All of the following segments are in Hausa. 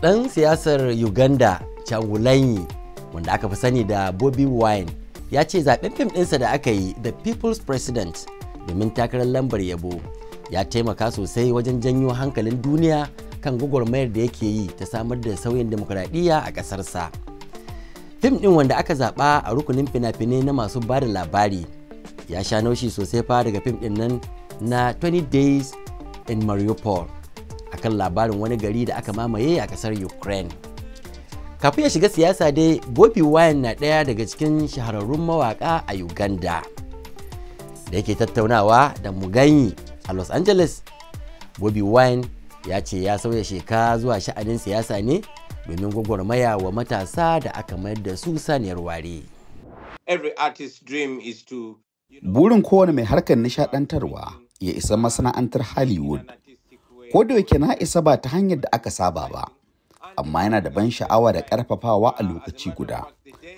ɗan siyasar uganda changulanyi wanda aka fi sani da bobby wine ya ce zaben fim ɗinsa da aka yi the people's president domin takarar lambar yabo ya taimaka sosai wajen janyo hankalin duniya kan gwagwarmayar da yake yi ta samar da sauyin demokradiyya a ƙasarsa fim ɗin wanda aka zaɓa a rukunin fina-finai na masu ba da labari ya sha naushi sosai fa daga fim ɗin nan na 20 days in mariupol a kan labarin wani gari da aka mamaye a kasar ukraine kafin ya shiga siyasa dai bobi wine na ɗaya daga cikin shahararrun mawaƙa a uganda da yake tattaunawa da muganyi a los angeles bobi wine ya ce ya sauya sheka zuwa sha'anin siyasa ne domin gwagwarmaya wa matasa da aka mayar da su saniyar ware burin kowane mai harkar nishadantarwa ya isa masana'antar hollywood ko da yake na isa ba ta hanyar da aka saba ba amma yana da ban sha'awa da ƙarfafawa a lokaci guda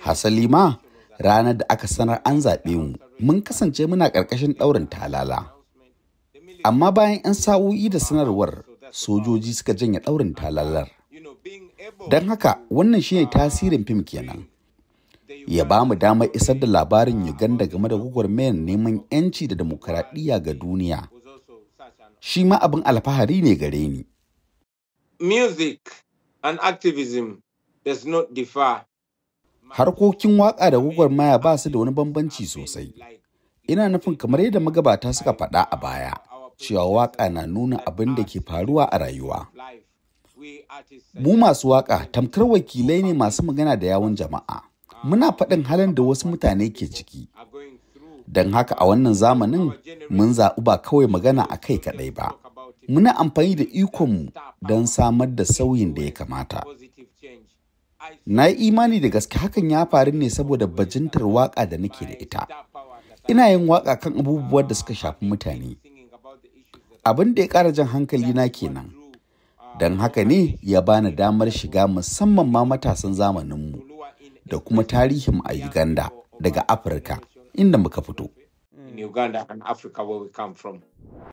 hasali ma ranar da aka sanar an zaɓe mu mun kasance muna ƙarƙashin ɗaurin talala amma bayan 'yan sa'o'i da sanarwar sojoji suka janye ɗaurin talalar don haka wannan shi ne tasirin fim kenan ya ba mu damar isar da labarin uganda game da gwagwarmayar neman 'yanci da demokuraɗiyya ga duniya shi ma abin alfahari ne gare ni. Music and activism does not differ. Harkokin waƙa da gwagwarmaya ba su da wani bambanci sosai. Ina nufin kamar yadda magabata suka faɗa a baya, cewa waƙa na nuna abin da ke faruwa a rayuwa. Mu masu waƙa tamkar wakilai ne masu magana da yawon jama'a. Muna faɗin halin da wasu mutane ke ciki, Don haka a wannan zamanin mun zaɓi ba kawai magana a kai kaɗai ba. Muna amfani da ikonmu don samar da sauyin da ya kamata. Na yi imani da gaske hakan ya faru ne saboda bajintar waƙa da nake da ita. Ina yin waƙa kan abubuwan da suka shafi mutane. Abin da ya ƙara jan hankali na kenan. Don haka ne ya bani damar shiga musamman ma matasan zamaninmu da kuma tarihin a Uganda daga Afirka. inda muka fito. In Uganda and from.